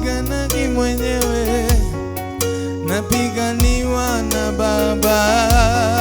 sipiganaji mwenyewe, napiganiwa na Baba.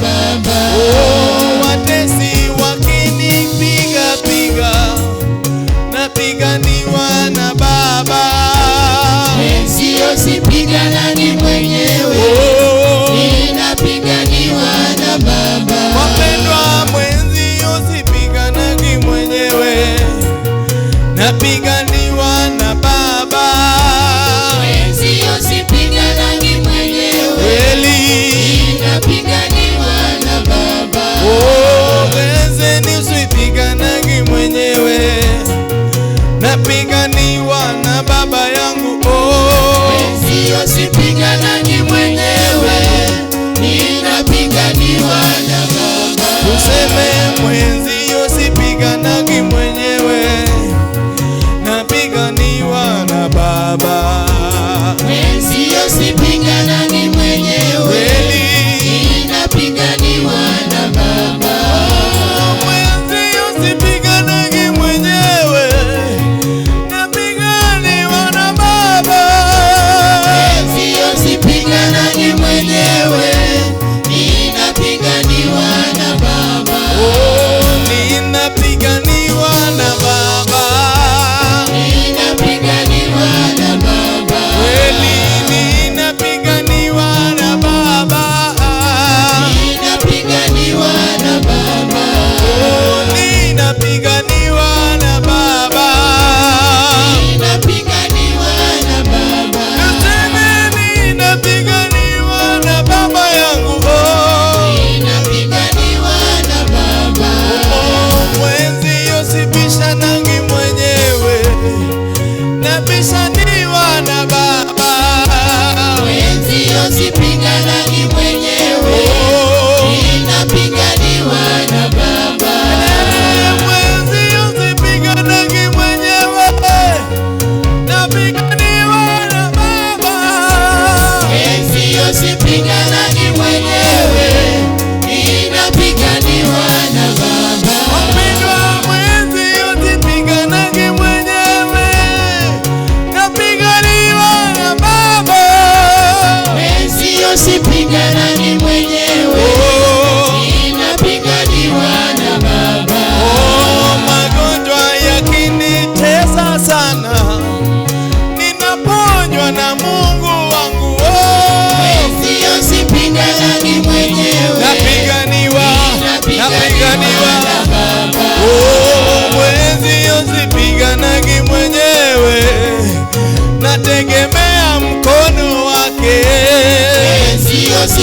bẹ́ẹ̀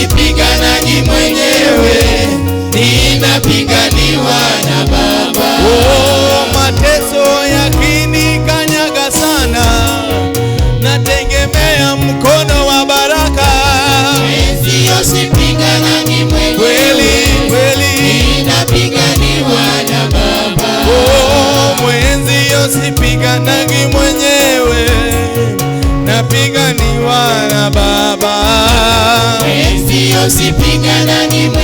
sipiganaji mwenyewe, ninapiganiwa na Baba. Oh, mateso yakinikanyaga sana, nategemea mkono wa baraka. Sio sipiganaji mwenyewe, kweli kweli, ninapiganiwa na Baba. Oh, mwenzio sipiganagi mwenyewe usipigana nime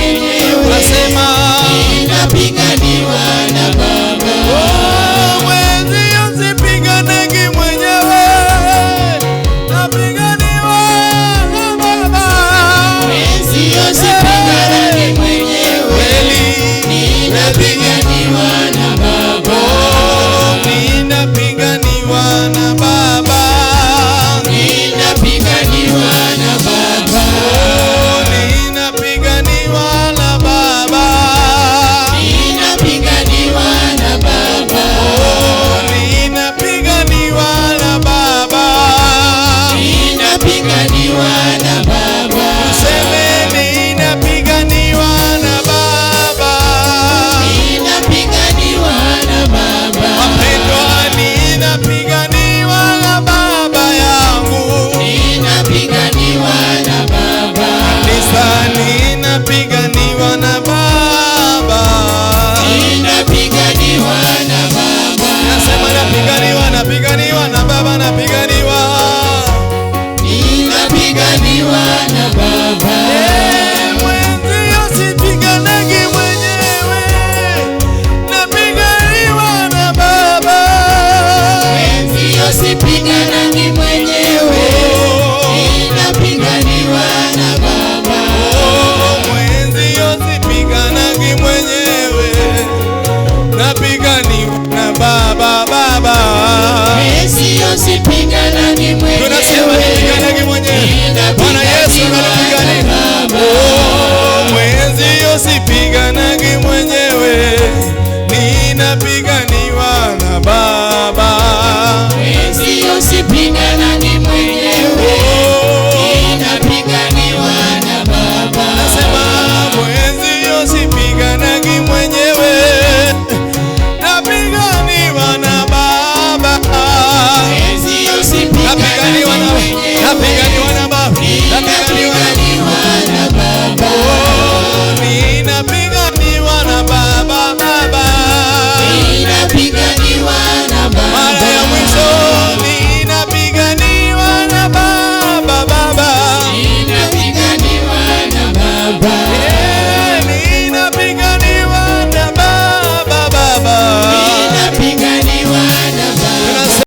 amiga.